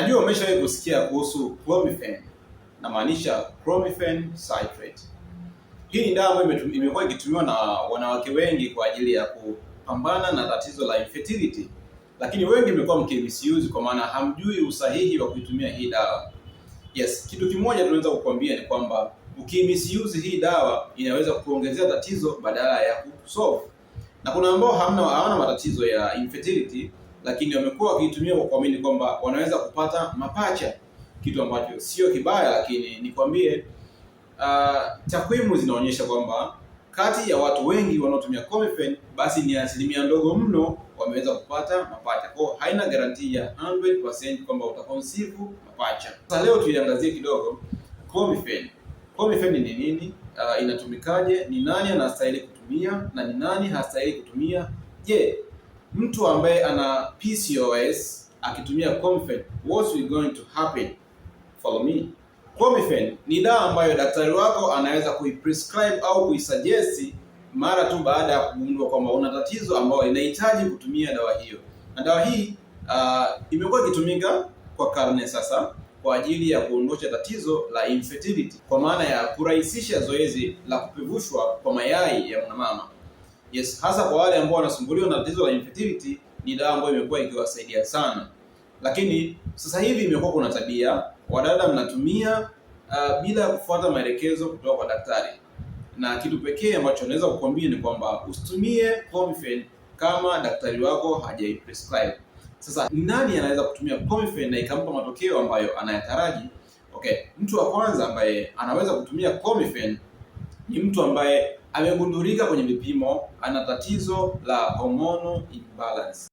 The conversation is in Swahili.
Najua umeshawahi kusikia kuhusu clomiphene, namaanisha clomiphene citrate. Hii ni dawa ambayo imekuwa ikitumiwa na wanawake wengi kwa ajili ya kupambana na tatizo la infertility, lakini wengi mmekuwa mkimisuse kwa maana hamjui usahihi wa kuitumia hii dawa. Yes, kitu kimoja tunaweza kukwambia ni kwamba ukimisuse hii dawa inaweza kuongezea tatizo badala ya kusolve, na kuna ambao hawana matatizo ya infertility lakini wamekuwa wakiitumia kwa kuamini kwamba wanaweza kupata mapacha, kitu ambacho sio kibaya, lakini nikwambie, uh, takwimu zinaonyesha kwamba kati ya watu wengi wanaotumia Comefene basi ni asilimia ndogo mno wameweza kupata mapacha. Kwa haina garantii ya 100% kwamba utaconceive mapacha. Sasa leo tuiangazie kidogo Comefene. Comefene ni nini? Uh, inatumikaje? Ni nani anastahili kutumia na ni nani hastahili kutumia? Je, mtu ambaye ana PCOS akitumia Comfen, what is going to happen? Follow me. Comfen ni dawa ambayo daktari wako anaweza kuiprescribe au kuisuggest mara tu baada ya kugundua kwamba una tatizo ambayo inahitaji kutumia dawa hiyo. Na dawa hii uh, imekuwa ikitumika kwa karne sasa kwa ajili ya kuondosha tatizo la infertility, kwa maana ya kurahisisha zoezi la kupevushwa kwa mayai ya mwanamama. Yes, hasa kwa wale ambao wanasumbuliwa na tatizo la infertility ni dawa ambayo imekuwa ikiwasaidia sana, lakini sasa hivi imekuwa kuna tabia wadada mnatumia uh, ah, bila ya kufuata maelekezo kutoka kwa daktari, na kitu pekee ambacho naweza kukwambia ni kwamba usitumie Comifen kama daktari wako hajaiprescribe. Sasa nani anaweza kutumia Comifen na ikampa matokeo ambayo anayataraji? Okay, mtu wa kwanza ambaye anaweza kutumia Comifen ni mtu ambaye amegundulika kwenye vipimo ana tatizo la hormone imbalance.